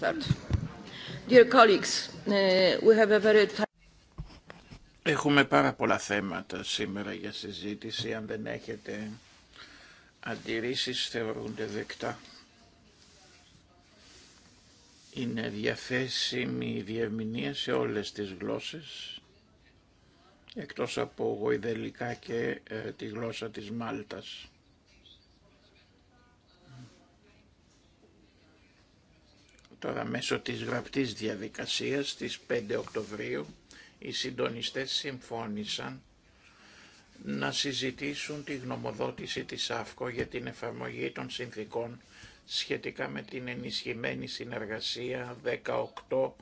Uh, Έχουμε πάρα πολλά θέματα σήμερα για συζήτηση. Αν δεν έχετε αντιρρήσεις θεωρούνται δεκτά. Είναι διαθέσιμη η διευμηνία σε όλες τις γλώσσες, εκτός από γοηδελικά και ε, τη γλώσσα της Μάλτας. Τώρα μέσω της γραπτής διαδικασίας της 5 Οκτωβρίου οι συντονιστές συμφώνησαν να συζητήσουν τη γνωμοδότηση της ΑΦΚΟ για την εφαρμογή των συνθήκων σχετικά με την ενισχυμένη συνεργασία 18-2022.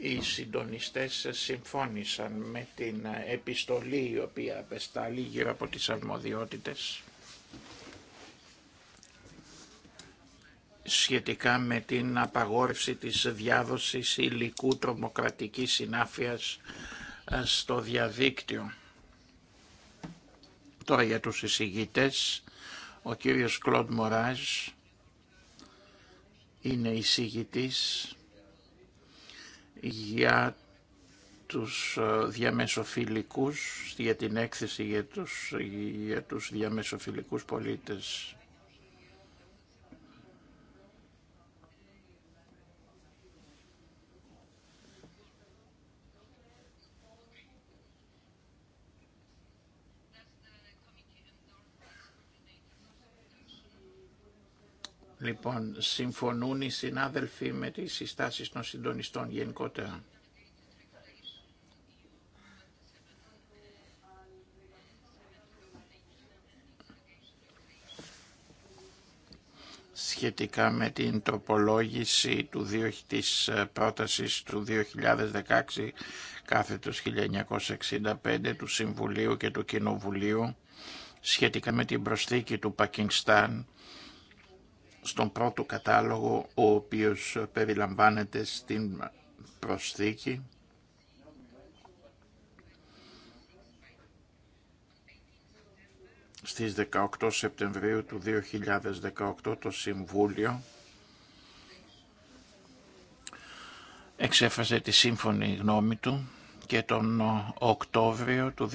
οι συντονιστές συμφώνησαν με την επιστολή η οποία απεστάλλει γύρω από τις αρμοδιότητες σχετικά με την απαγόρευση της διάδοσης υλικού τρομοκρατικής συνάφειας ε, στο διαδίκτυο. Τώρα για τους εισηγητές, ο κύριος Κλοντ Μοράζ είναι εισηγητής για τους ε, διαμεσοφιλικούς, για την έκθεση για τους, για τους διαμεσοφιλικούς πολίτες. Λοιπόν, συμφωνούν οι συνάδελφοι με τις συστάσεις των συντονιστών γενικότερα. σχετικά με την τροπολόγηση του, της ε, πρότασης του 2016 κάθετος 1965 του Συμβουλίου και του Κοινοβουλίου σχετικά με την προσθήκη του Πακινστάν στον πρώτο κατάλογο ο οποίος περιλαμβάνεται στην προσθήκη. Στις 18 Σεπτεμβρίου του 2018 το Συμβούλιο εξέφρασε τη σύμφωνη γνώμη του και τον Οκτώβριο του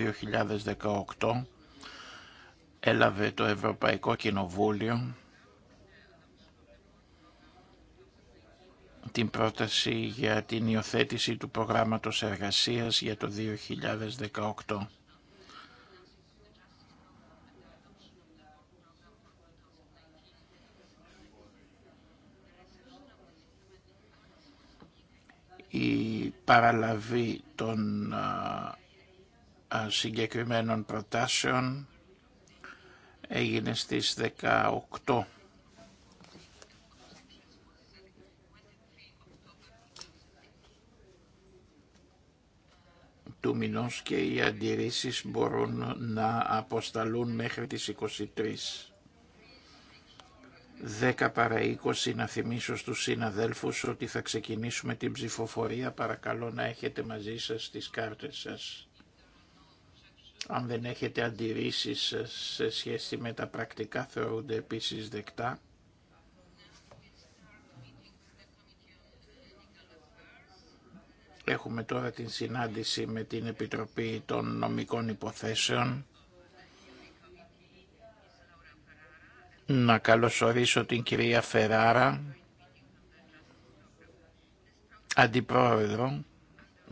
2018 έλαβε το Ευρωπαϊκό Κοινοβούλιο την πρόταση για την υιοθέτηση του προγράμματος εργασίας για το 2018. η παραλαβή των συγκεκριμένων προτάσεων έγινε στις 18 του μηνός και οι αντιρρήσεις μπορούν να αποσταλούν μέχρι τις 23. 10 παρα 20 να θυμίσω στους συναδέλφους ότι θα ξεκινήσουμε την ψηφοφορία. Παρακαλώ να έχετε μαζί σας τις κάρτες σας. Αν δεν έχετε αντιρρήσεις σε σχέση με τα πρακτικά θεωρούνται επίσης δεκτά. Έχουμε τώρα την συνάντηση με την Επιτροπή των Νομικών Υποθέσεων. Να καλωσορίσω την κυρία Φεράρα, αντιπρόεδρο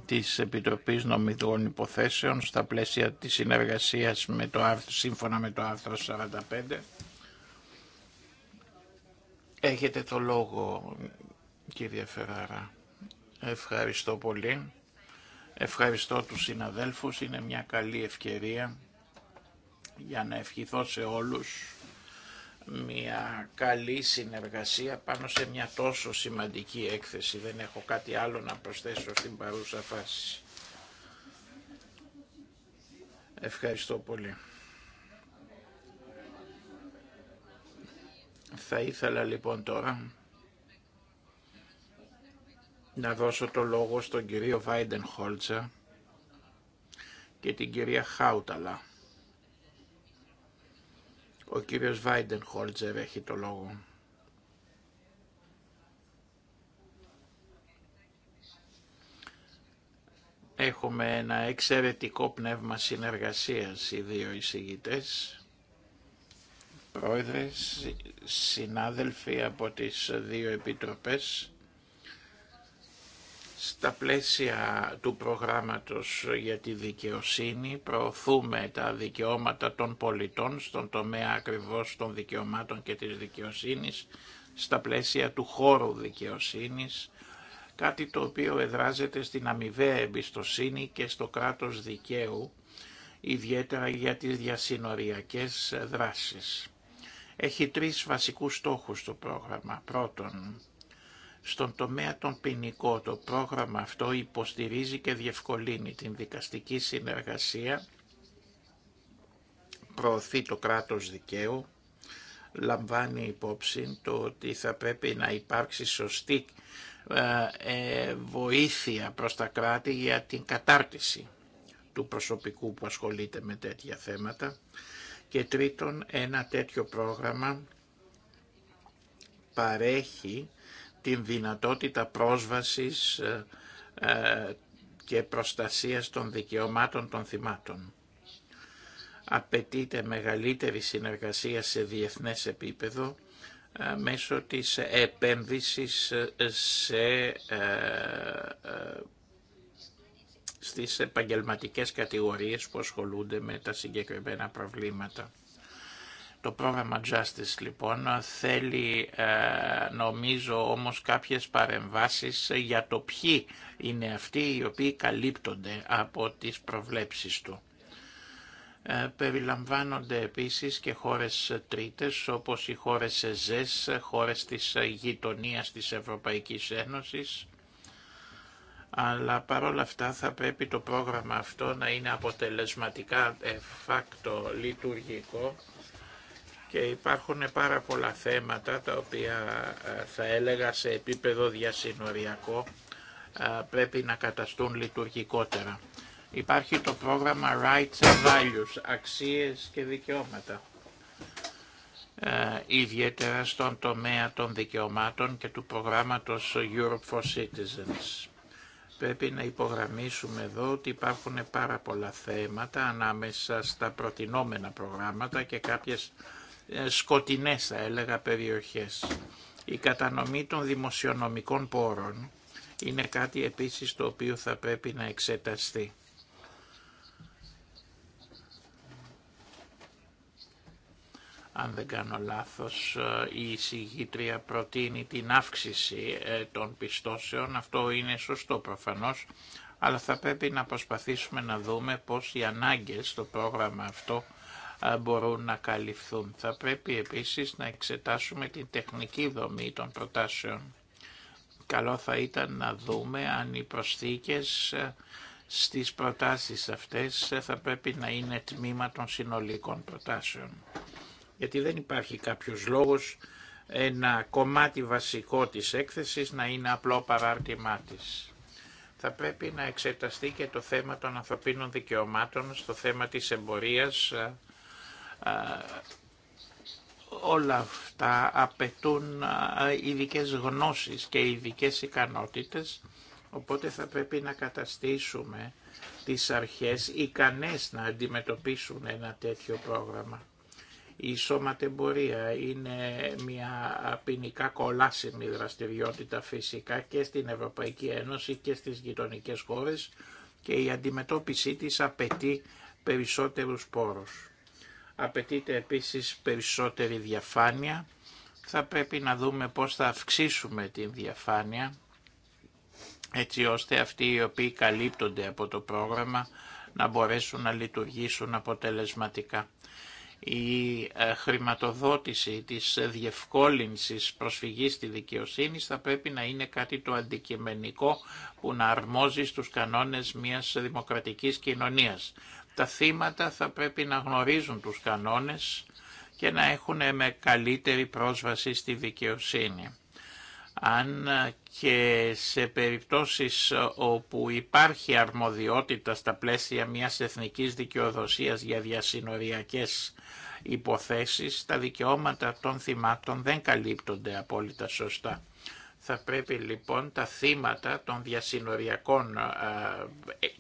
της Επιτροπής Νομικών Υποθέσεων στα πλαίσια της συνεργασίας με το άρθρο, σύμφωνα με το άρθρο 45. Έχετε το λόγο, κυρία Φεράρα. Ευχαριστώ πολύ. Ευχαριστώ τους συναδέλφους. Είναι μια καλή ευκαιρία για να ευχηθώ σε όλους μια καλή συνεργασία πάνω σε μια τόσο σημαντική έκθεση. Δεν έχω κάτι άλλο να προσθέσω στην παρούσα φάση. Ευχαριστώ πολύ. Θα ήθελα λοιπόν τώρα να δώσω το λόγο στον κύριο Βάιντεν Χόλτσα και την κυρία Χάουταλα. Ο κύριος Βάιντεν Χόλτζερ έχει το λόγο. Έχουμε ένα εξαιρετικό πνεύμα συνεργασίας οι δύο εισηγητές, πρόεδρες, συνάδελφοι από τις δύο επιτροπές στα πλαίσια του προγράμματος για τη δικαιοσύνη προωθούμε τα δικαιώματα των πολιτών στον τομέα ακριβώς των δικαιωμάτων και της δικαιοσύνης, στα πλαίσια του χώρου δικαιοσύνης, κάτι το οποίο εδράζεται στην αμοιβαία εμπιστοσύνη και στο κράτος δικαίου, ιδιαίτερα για τις διασυνοριακές δράσεις. Έχει τρεις βασικούς στόχους το πρόγραμμα. Πρώτον, στον τομέα των ποινικών το πρόγραμμα αυτό υποστηρίζει και διευκολύνει την δικαστική συνεργασία, προωθεί το κράτος δικαίου, λαμβάνει υπόψη το ότι θα πρέπει να υπάρξει σωστή ε, ε, βοήθεια προς τα κράτη για την κατάρτιση του προσωπικού που ασχολείται με τέτοια θέματα και τρίτον ένα τέτοιο πρόγραμμα παρέχει την δυνατότητα πρόσβασης ε, ε, και προστασίας των δικαιωμάτων των θυμάτων. Απαιτείται μεγαλύτερη συνεργασία σε διεθνές επίπεδο ε, μέσω της επένδυσης σε, στις επαγγελματικές κατηγορίες που ασχολούνται με τα συγκεκριμένα προβλήματα. Το πρόγραμμα Justice λοιπόν θέλει ε, νομίζω όμως κάποιες παρεμβάσεις για το ποιοι είναι αυτοί οι οποίοι καλύπτονται από τις προβλέψεις του. Ε, περιλαμβάνονται επίσης και χώρες τρίτες όπως οι χώρες ΕΖΕΣ, χώρες της γειτονίας της Ευρωπαϊκής Ένωσης, αλλά παρόλα αυτά θα πρέπει το πρόγραμμα αυτό να είναι αποτελεσματικά εφάκτο λειτουργικό και υπάρχουν πάρα πολλά θέματα τα οποία ε, θα έλεγα σε επίπεδο διασυνοριακό ε, πρέπει να καταστούν λειτουργικότερα. Υπάρχει το πρόγραμμα Rights and Values, αξίες και δικαιώματα. Ε, ιδιαίτερα στον τομέα των δικαιωμάτων και του προγράμματος Europe for Citizens. Πρέπει να υπογραμμίσουμε εδώ ότι υπάρχουν πάρα πολλά θέματα ανάμεσα στα προτινόμενα προγράμματα και κάποιες ε, Σκοτεινέ θα έλεγα περιοχές. Η κατανομή των δημοσιονομικών πόρων είναι κάτι επίσης το οποίο θα πρέπει να εξεταστεί. αν δεν κάνω λάθος, ε, η εισηγήτρια προτείνει την αύξηση ε, των πιστώσεων. Αυτό είναι σωστό προφανώς, αλλά θα πρέπει να προσπαθήσουμε να δούμε πώς οι ανάγκες στο πρόγραμμα αυτό μπορούν να καλυφθούν. Θα πρέπει επίσης να εξετάσουμε την τεχνική δομή των προτάσεων. Καλό θα ήταν να δούμε αν οι προσθήκες στις προτάσεις αυτές θα πρέπει να είναι τμήμα των συνολικών προτάσεων. Γιατί δεν υπάρχει κάποιος λόγος ένα κομμάτι βασικό της έκθεσης να είναι απλό παράρτημά της. Θα πρέπει να εξεταστεί και το θέμα των ανθρωπίνων δικαιωμάτων στο θέμα της εμπορίας ε, όλα αυτά απαιτούν ε, ειδικέ γνώσεις και ειδικέ ικανότητες, οπότε θα πρέπει να καταστήσουμε τις αρχές ικανές να αντιμετωπίσουν ένα τέτοιο πρόγραμμα. Η σωματεμπορία είναι μια ποινικά κολάσιμη δραστηριότητα φυσικά και στην Ευρωπαϊκή Ένωση και στις γειτονικές χώρες και η αντιμετώπιση της απαιτεί περισσότερους πόρους. Απαιτείται επίσης περισσότερη διαφάνεια. Θα πρέπει να δούμε πώς θα αυξήσουμε την διαφάνεια έτσι ώστε αυτοί οι οποίοι καλύπτονται από το πρόγραμμα να μπορέσουν να λειτουργήσουν αποτελεσματικά. Η ε, χρηματοδότηση της διευκόλυνσης προσφυγής στη δικαιοσύνη θα πρέπει να είναι κάτι το αντικειμενικό που να αρμόζει στους κανόνες μιας δημοκρατικής κοινωνίας. Τα θύματα θα πρέπει να γνωρίζουν τους κανόνες και να έχουν με καλύτερη πρόσβαση στη δικαιοσύνη. Αν και σε περιπτώσεις όπου υπάρχει αρμοδιότητα στα πλαίσια μιας εθνικής δικαιοδοσίας για διασυνοριακές υποθέσεις, τα δικαιώματα των θυμάτων δεν καλύπτονται απόλυτα σωστά. Θα πρέπει λοιπόν τα θύματα των διασυνοριακών ε,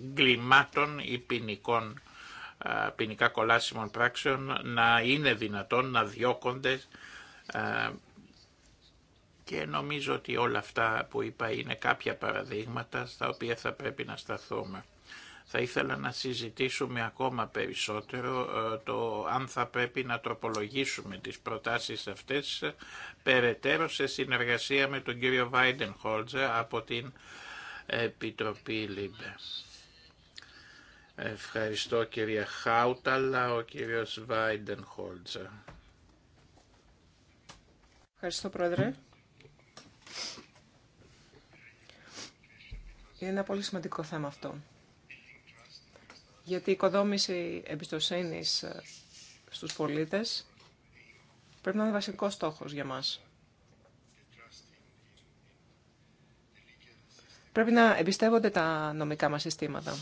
εγκλημάτων ή ποινικών, ε, ποινικά κολάσιμων πράξεων να είναι δυνατόν να διώκονται ε, και νομίζω ότι όλα αυτά που είπα είναι κάποια παραδείγματα στα οποία θα πρέπει να σταθούμε θα ήθελα να συζητήσουμε ακόμα περισσότερο ε, το αν θα πρέπει να τροπολογήσουμε τις προτάσεις αυτές ε, περαιτέρω σε συνεργασία με τον κύριο Βάιντεν Χόλτζα από την Επιτροπή ΛΥΜΠΕ. Ευχαριστώ κυρία Χάουταλα, ο κύριος Βάιντεν Χόλτζα. Ευχαριστώ πρόεδρε. Είναι ένα πολύ σημαντικό θέμα αυτό γιατί η οικοδόμηση εμπιστοσύνης ε, στους πολίτες πρέπει να είναι βασικό στόχος για μας. Πρέπει να εμπιστεύονται τα νομικά μας συστήματα.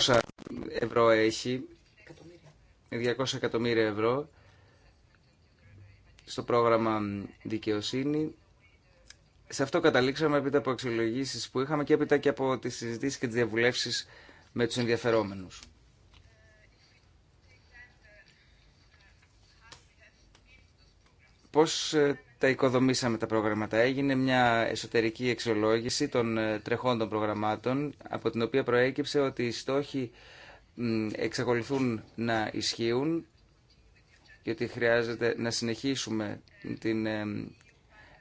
200 ευρώ έχει, 200 εκατομμύρια ευρώ στο πρόγραμμα δικαιοσύνη. Σε αυτό καταλήξαμε έπειτα από αξιολογήσει που είχαμε και έπειτα και από τις συζητήσεις και τις διαβουλεύσεις με τους ενδιαφερόμενους. Πώς ε, τα οικοδομήσαμε τα προγράμματα. Έγινε μια εσωτερική εξολόγηση των ε, τρεχών των προγραμμάτων, από την οποία προέκυψε ότι οι στόχοι εξακολουθούν να ισχύουν και ότι χρειάζεται να συνεχίσουμε την ε,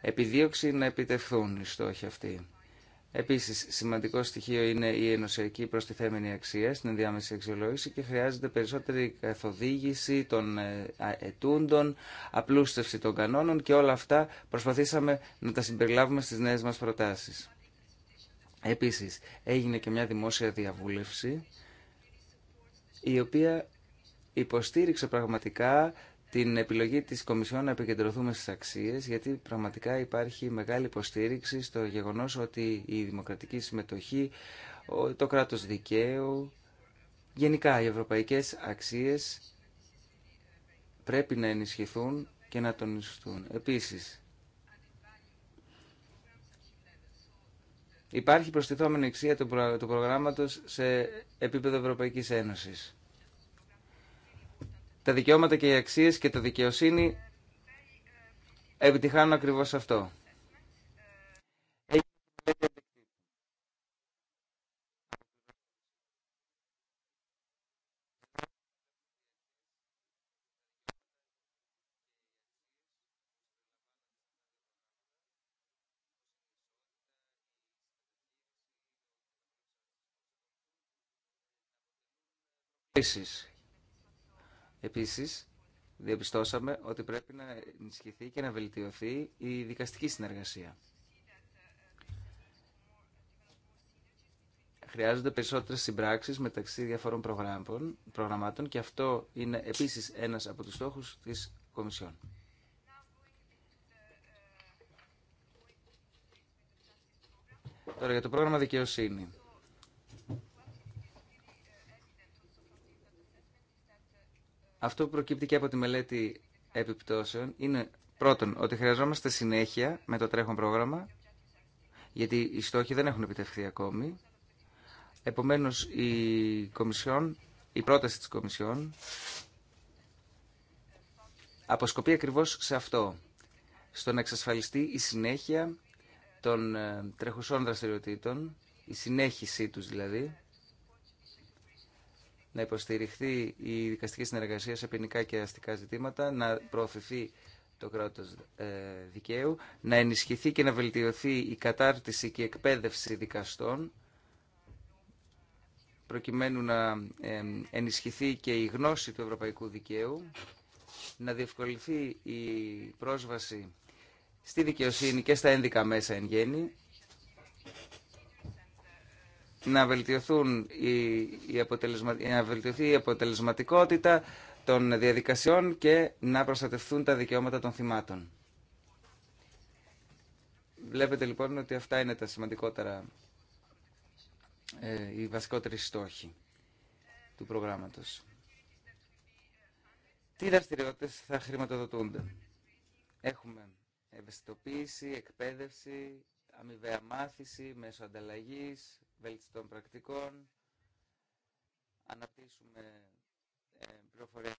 επιδίωξη να επιτευχθούν οι στόχοι αυτοί. Επίση, σημαντικό στοιχείο είναι η ενωσιακή προστιθέμενη αξία στην ενδιάμεση αξιολόγηση και χρειάζεται περισσότερη καθοδήγηση των ε, ετούντων, απλούστευση των κανόνων και όλα αυτά προσπαθήσαμε να τα συμπεριλάβουμε στι νέε μα προτάσει. Επίση, έγινε και μια δημόσια διαβούλευση η οποία υποστήριξε πραγματικά την επιλογή της Κομισιόν να επικεντρωθούμε στις αξίες, γιατί πραγματικά υπάρχει μεγάλη υποστήριξη στο γεγονός ότι η δημοκρατική συμμετοχή, το κράτος δικαίου, γενικά οι ευρωπαϊκές αξίες πρέπει να ενισχυθούν και να τονιστούν. Επίσης, υπάρχει προστιθόμενη αξία του προγράμματος σε επίπεδο Ευρωπαϊκής Ένωσης τα δικαιώματα και οι αξίες και τα δικαιοσύνη επιτυχάνουν ακριβώς αυτό. Επίσης, διαπιστώσαμε ότι πρέπει να ενισχυθεί και να βελτιωθεί η δικαστική συνεργασία. Χρειάζονται περισσότερες συμπράξεις μεταξύ διαφόρων προγραμμάτων και αυτό είναι επίσης ένας από τους στόχους της Κομισιόν. Τώρα για το πρόγραμμα δικαιοσύνη. Αυτό που προκύπτει και από τη μελέτη επιπτώσεων είναι πρώτον ότι χρειαζόμαστε συνέχεια με το τρέχον πρόγραμμα γιατί οι στόχοι δεν έχουν επιτευχθεί ακόμη. Επομένως η, Κομισιόν, η πρόταση της Κομισιόν αποσκοπεί ακριβώς σε αυτό, στο να εξασφαλιστεί η συνέχεια των ε, τρεχουσών δραστηριοτήτων, η συνέχιση τους δηλαδή, να υποστηριχθεί η δικαστική συνεργασία σε ποινικά και αστικά ζητήματα, να προωθηθεί το κράτος ε, δικαίου, να ενισχυθεί και να βελτιωθεί η κατάρτιση και η εκπαίδευση δικαστών, προκειμένου να ε, ενισχυθεί και η γνώση του ευρωπαϊκού δικαίου, να διευκολυνθεί η πρόσβαση στη δικαιοσύνη και στα ένδικα μέσα εν γέννη, να, βελτιωθούν η, να βελτιωθεί η αποτελεσματικότητα των διαδικασιών και να προστατευθούν τα δικαιώματα των θυμάτων. Βλέπετε λοιπόν ότι αυτά είναι τα σημαντικότερα, ε, οι βασικότεροι στόχοι του προγράμματος. Τι δραστηριότητε θα χρηματοδοτούνται. Έχουμε ευαισθητοποίηση, εκπαίδευση, αμοιβαία μάθηση, μέσω ανταλλαγής, των πρακτικών, αναπτύσσουμε ε, πληροφορία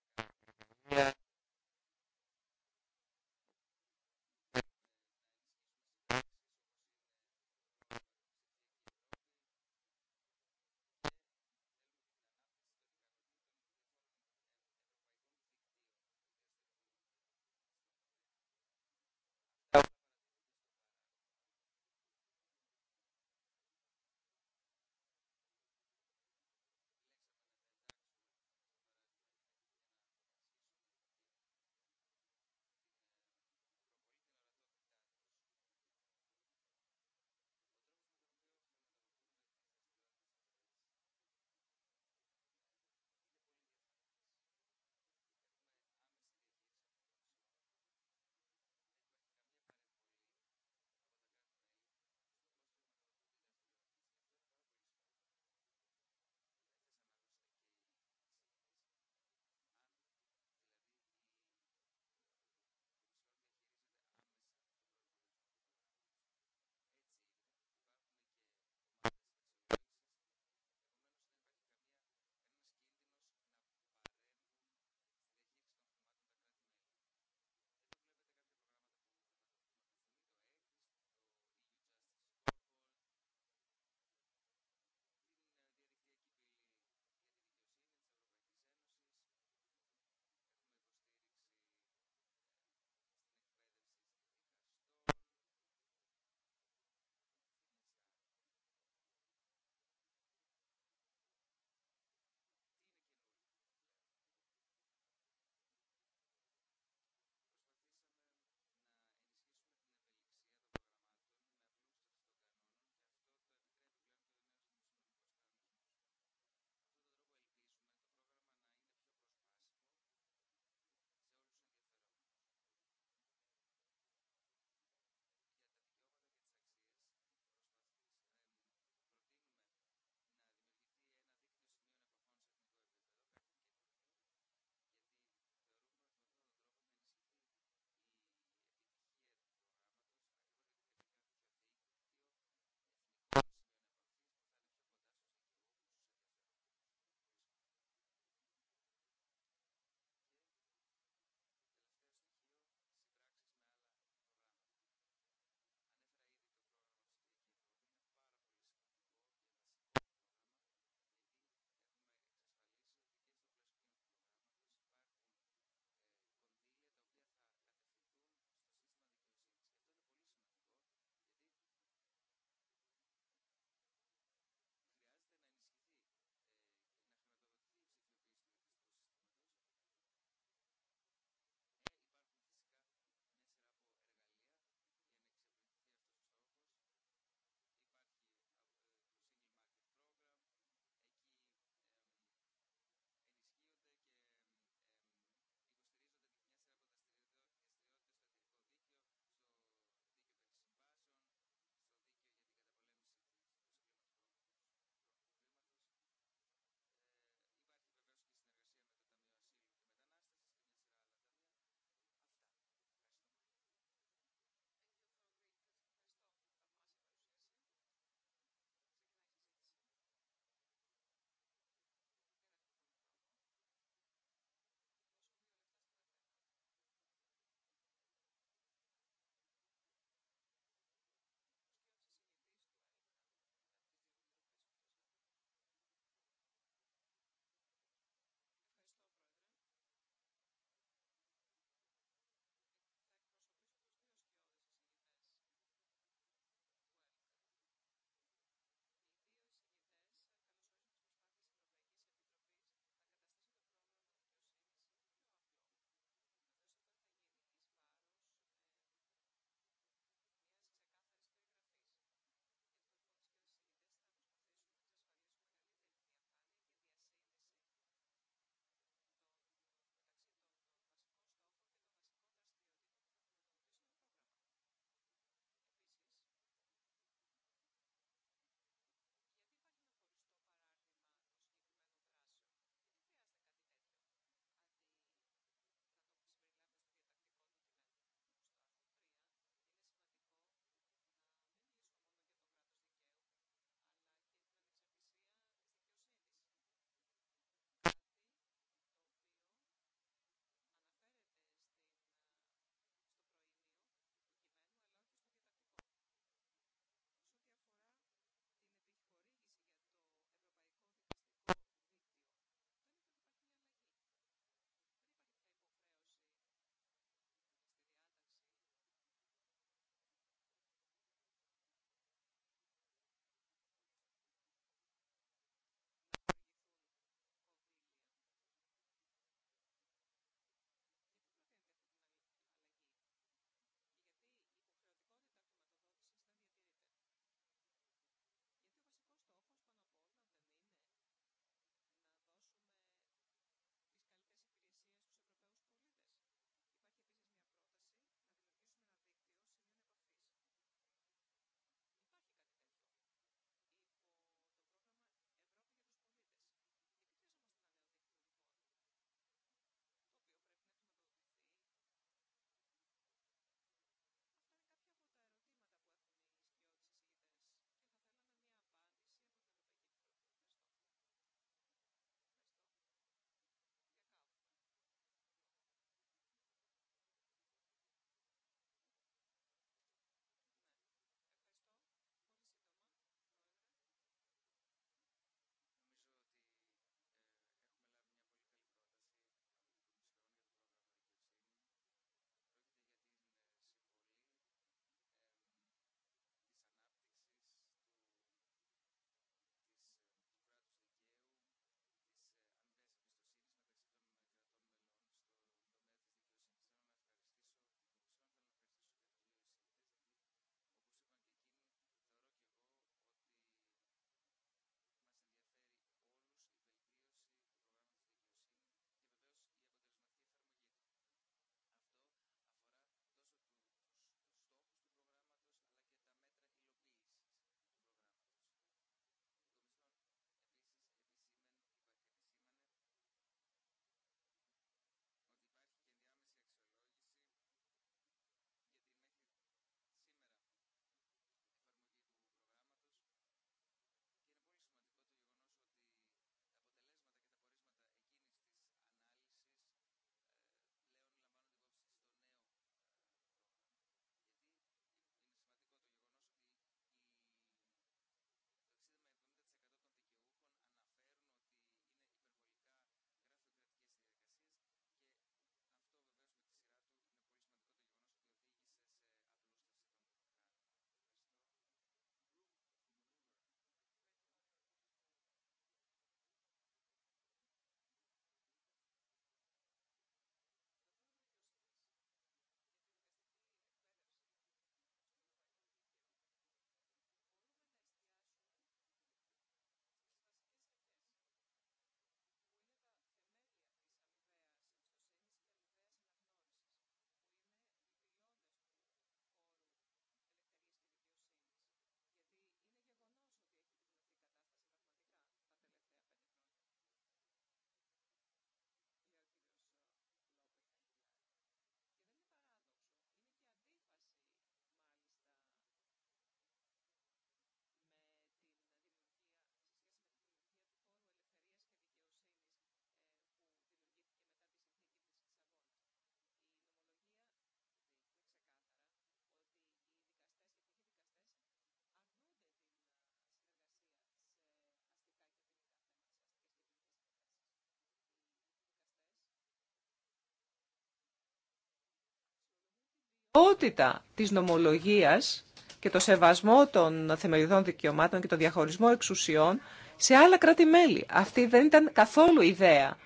Ότητα της νομολογίας και το σεβασμό των θεμελιωδών δικαιωμάτων και το διαχωρισμό εξουσιών σε άλλα κράτη-μέλη. Αυτή δεν ήταν καθόλου ιδέα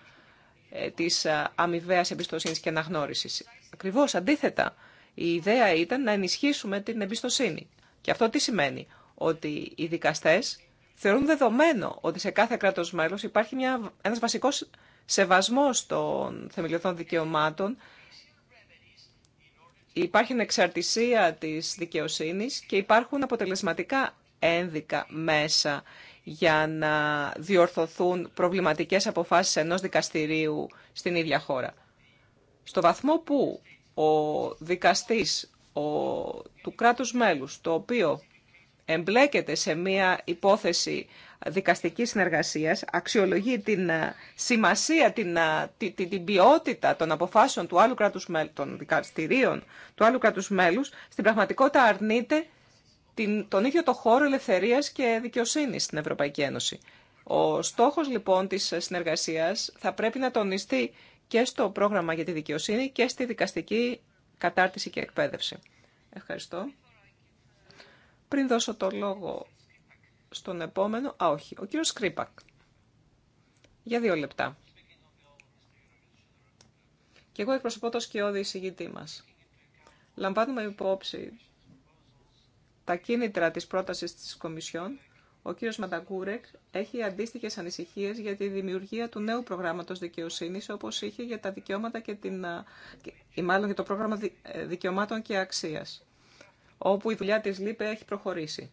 ε, της ε, αμοιβαία εμπιστοσύνη και αναγνώρισης. Ακριβώς αντίθετα, η ιδέα ήταν να ενισχύσουμε την εμπιστοσύνη. Και αυτό τι σημαίνει, ότι οι δικαστές θεωρούν δεδομένο ότι σε κάθε κράτος μέλος υπάρχει μια, ένας βασικός σεβασμός των θεμελιωδών δικαιωμάτων Υπάρχει εξαρτησία της δικαιοσύνης και υπάρχουν αποτελεσματικά ένδικα μέσα για να διορθωθούν προβληματικές αποφάσεις ενός δικαστηρίου στην ίδια χώρα. Στο βαθμό που ο δικαστής ο, του κράτους μέλους, το οποίο εμπλέκεται σε μία υπόθεση δικαστικής συνεργασίας, αξιολογεί την ε, σημασία, την, ε, την, την ποιότητα των αποφάσεων του άλλου κράτους, των δικαστηρίων του άλλου κράτους μέλους, στην πραγματικότητα αρνείται την, τον ίδιο το χώρο ελευθερίας και δικαιοσύνης στην Ευρωπαϊκή Ένωση. Ο στόχος λοιπόν της συνεργασίας θα πρέπει να τονιστεί και στο πρόγραμμα για τη δικαιοσύνη και στη δικαστική κατάρτιση και εκπαίδευση. Ευχαριστώ. Πριν δώσω το λόγο στον επόμενο, α όχι, ο κύριος κρυπακ Για δύο λεπτά. Και εγώ εκπροσωπώ το σκιώδη εισηγητή μας. Λαμβάνουμε υπόψη τα κίνητρα της πρότασης της Κομισιόν. Ο κύριος Μανταγκούρεκ έχει αντίστοιχες ανησυχίες για τη δημιουργία του νέου προγράμματος δικαιοσύνης, όπως είχε για τα δικαιώματα και την... ή μάλλον για το πρόγραμμα ε, δικαιωμάτων και αξίας όπου η δουλειά της ΛΥΠΕ έχει προχωρήσει.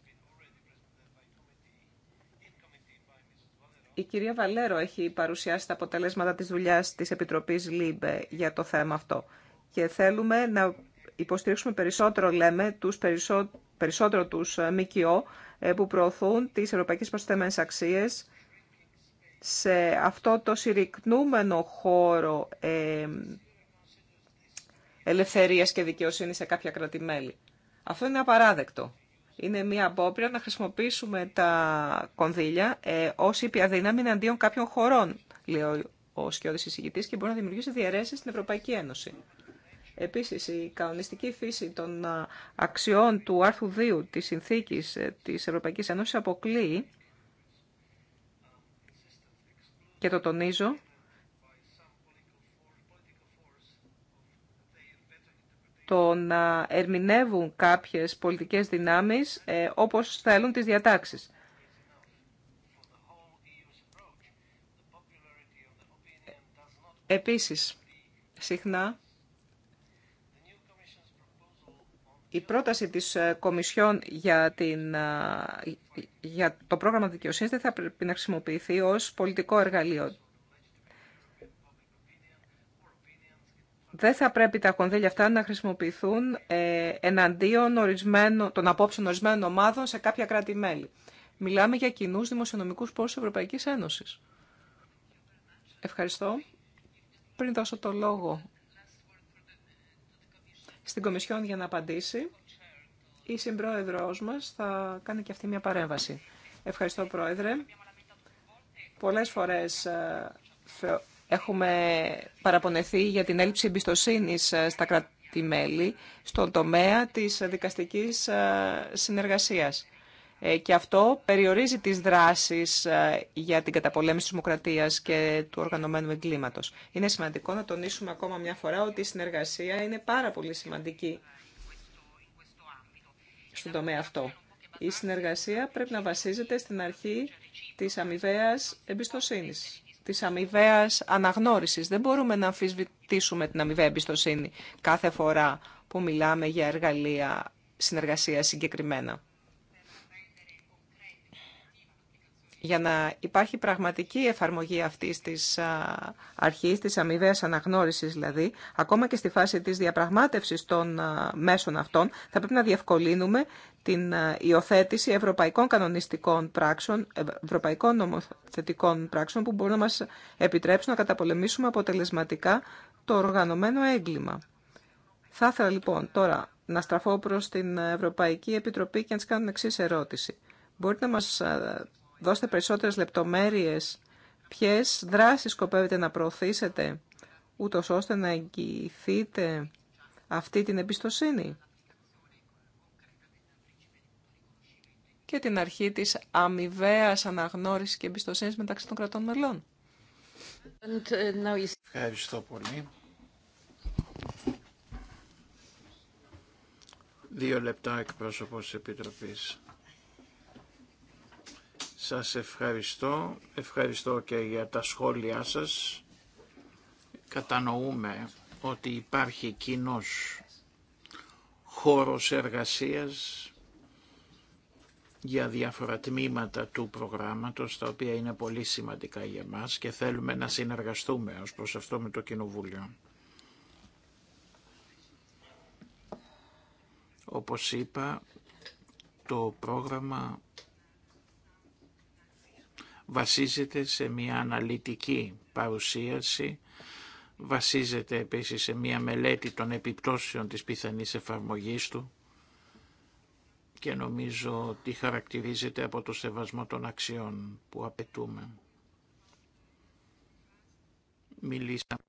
Η κυρία Βαλέρο έχει παρουσιάσει τα αποτελέσματα της δουλειάς της Επιτροπής ΛΥΠΕ για το θέμα αυτό. Και θέλουμε να υποστηρίξουμε περισσότερο, λέμε, τους περισσότερο, περισσότερο ΜΚΟ ε, που προωθούν τις ευρωπαϊκές προσθέμενες αξίες σε αυτό το συρρυκνούμενο χώρο ε, ελευθερίας και δικαιοσύνη σε κάποια κρατημέλη. Αυτό είναι απαράδεκτο. Είναι μια απόπειρα να χρησιμοποιήσουμε τα κονδύλια ε, ω ήπια δύναμη εναντίον κάποιων χωρών, λέει ο σκιώδη εισηγητή, και μπορεί να δημιουργήσει διαιρέσει στην Ευρωπαϊκή Ένωση. Επίση, η κανονιστική φύση των αξιών του άρθρου 2 τη συνθήκη ε, τη Ευρωπαϊκή Ένωση αποκλείει και το τονίζω το να ερμηνεύουν κάποιες πολιτικές δυνάμεις ε, όπως θέλουν τις διατάξεις. Επίσης, συχνά, η πρόταση της ε, Κομισιόν για, την, ε, για το πρόγραμμα δικαιοσύνης δεν θα πρέπει να χρησιμοποιηθεί ως πολιτικό εργαλείο δεν θα πρέπει τα κονδύλια αυτά να χρησιμοποιηθούν ε, εναντίον των απόψεων ορισμένων ομάδων σε κάποια κράτη-μέλη. Μιλάμε για κοινού δημοσιονομικού πόρου Ευρωπαϊκή Ένωση. Ευχαριστώ. Πριν δώσω το λόγο στην Κομισιόν για να απαντήσει, η συμπρόεδρο μας θα κάνει και αυτή μια παρέμβαση. Ευχαριστώ, Πρόεδρε. Πολλές φορές ε, Έχουμε παραπονεθεί για την έλλειψη εμπιστοσύνη ε, στα κράτη-μέλη στον τομέα της δικαστικής ε, συνεργασίας. Ε, και αυτό περιορίζει τις δράσεις για την καταπολέμηση της δημοκρατίας και του οργανωμένου εγκλήματος. Είναι σημαντικό να τονίσουμε ακόμα μια φορά ότι η συνεργασία είναι πάρα πολύ σημαντική στον τομέα αυτό. Η συνεργασία πρέπει να βασίζεται στην αρχή της αμοιβαίας εμπιστοσύνης τη αμοιβαία αναγνώρισης. Δεν μπορούμε να αμφισβητήσουμε την αμοιβαία εμπιστοσύνη κάθε φορά που μιλάμε για εργαλεία συνεργασία συγκεκριμένα. για να υπάρχει πραγματική εφαρμογή αυτής της αρχής, της αμοιβαίας αναγνώρισης δηλαδή, ακόμα και στη φάση της διαπραγμάτευσης των μέσων αυτών, θα πρέπει να διευκολύνουμε την υιοθέτηση ευρωπαϊκών κανονιστικών πράξεων, ε, ευρωπαϊκών νομοθετικών πράξεων που μπορούν να μας επιτρέψουν να καταπολεμήσουμε αποτελεσματικά το οργανωμένο έγκλημα. Θα ήθελα λοιπόν τώρα να στραφώ προς την Ευρωπαϊκή Επιτροπή και να της κάνω εξή ερώτηση. Μπορείτε να μας Δώστε περισσότερες λεπτομέρειες ποιες δράσεις σκοπεύετε να προωθήσετε ούτω ώστε να εγγυηθείτε αυτή την εμπιστοσύνη και την αρχή της αμοιβαία αναγνώρισης και εμπιστοσύνης μεταξύ των κρατών μελών. Ευχαριστώ πολύ. Δύο λεπτά εκπρόσωπος της Επιτροπής. Σας ευχαριστώ. Ευχαριστώ και για τα σχόλιά σας. Κατανοούμε ότι υπάρχει κοινός χώρος εργασίας για διάφορα τμήματα του προγράμματος, τα οποία είναι πολύ σημαντικά για μας και θέλουμε να συνεργαστούμε ως προς αυτό με το Κοινοβούλιο. Όπως είπα, το πρόγραμμα βασίζεται σε μια αναλυτική παρουσίαση, βασίζεται επίσης σε μια μελέτη των επιπτώσεων της πιθανής εφαρμογής του και νομίζω ότι χαρακτηρίζεται από το σεβασμό των αξιών που απαιτούμε. Μιλήσαμε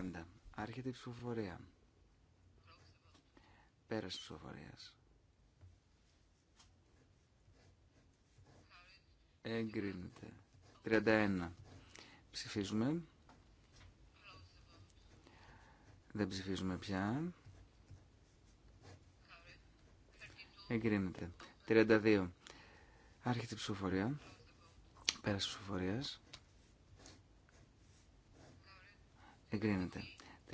Πάντα. Άρχεται η ψηφοφορία. Πέρας ψηφοφορία. Εγκρίνεται. 31. Ψηφίζουμε. Δεν ψηφίζουμε πια. Εγκρίνεται. 32. Άρχεται η ψηφοφορία. Πέρας ψηφοφορία. Εγκρίνεται.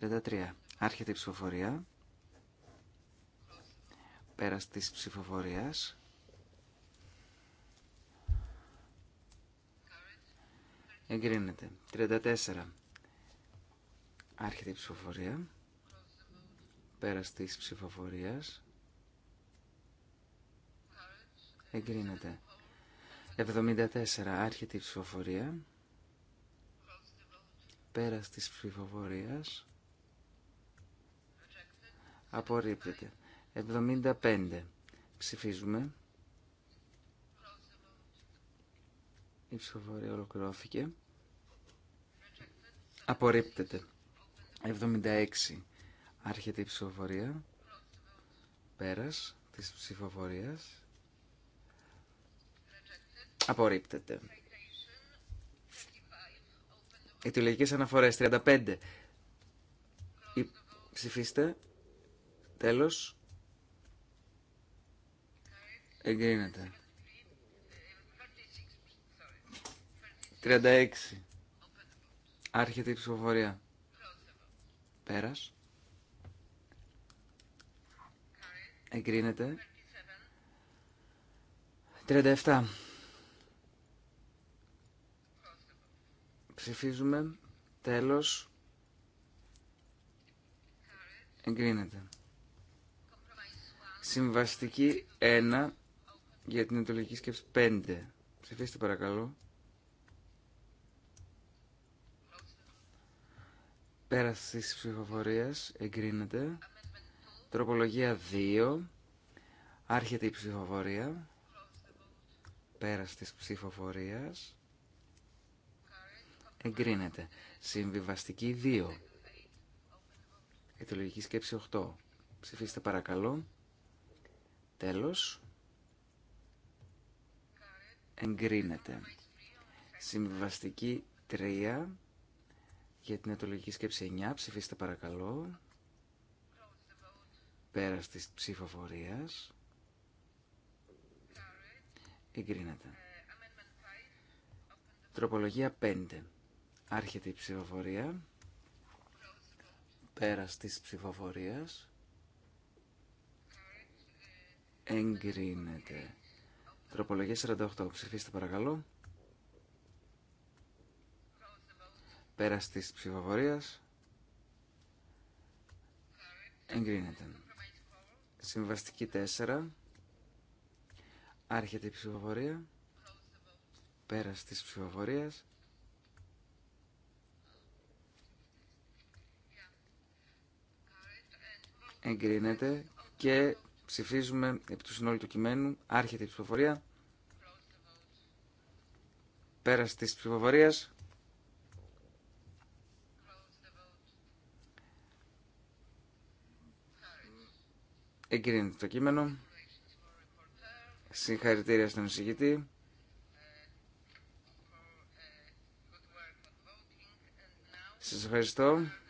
33. Άρχεται η ψηφοφορία. Πέρας της ψηφοφορίας. Εγκρίνεται. 34. Άρχεται η ψηφοφορία. Πέρας της ψηφοφορίας. Εγκρίνεται. 74. Άρχεται η ψηφοφορία. Πέρας της ψηφοφορίας απορρίπτεται. 75. Ψηφίζουμε. Η ψηφοφορία ολοκληρώθηκε. Απορρίπτεται. 76. Άρχεται η ψηφοφορία. Πέρας της ψηφοφορίας. Απορρίπτεται. Αιτιολογικές αναφορές 35. Η... Ψηφίστε. Τέλος. Εγκρίνεται. 36. Άρχεται η ψηφοφορία. Πέρας. Εγκρίνεται. 37. Ψηφίζουμε. Τέλος. Εγκρίνεται. Συμβαστική 1 για την εντολική σκέψη 5. Ψηφίστε παρακαλώ. Πέραση της ψηφοφορίας εγκρίνεται. Τροπολογία 2. Άρχεται η ψηφοφορία. Πέραση ψηφοφορίας εγκρίνεται. Συμβιβαστική 2. Αιτιολογική σκέψη 8. Ψηφίστε παρακαλώ. Τέλος. Εγκρίνεται. Συμβιβαστική 3. Για την αιτιολογική σκέψη 9. Ψηφίστε παρακαλώ. Πέρας της ψηφοφορίας. Εγκρίνεται. Τροπολογία 5. Άρχεται η ψηφοφορία. Πέρας της ψηφοφορίας. Εγκρίνεται. Τροπολογία 48. Ψηφίστε παρακαλώ. Πέρας της ψηφοφορίας. Εγκρίνεται. Συμβαστική 4. Άρχεται η ψηφοφορία. Πέρας της ψηφοφορίας. εγκρίνεται και ψηφίζουμε επί του συνόλου του κειμένου. Άρχεται η ψηφοφορία. Πέρας της ψηφοφορίας. Εγκρίνεται το κείμενο. Συγχαρητήρια στον εισηγητή. Σας ευχαριστώ.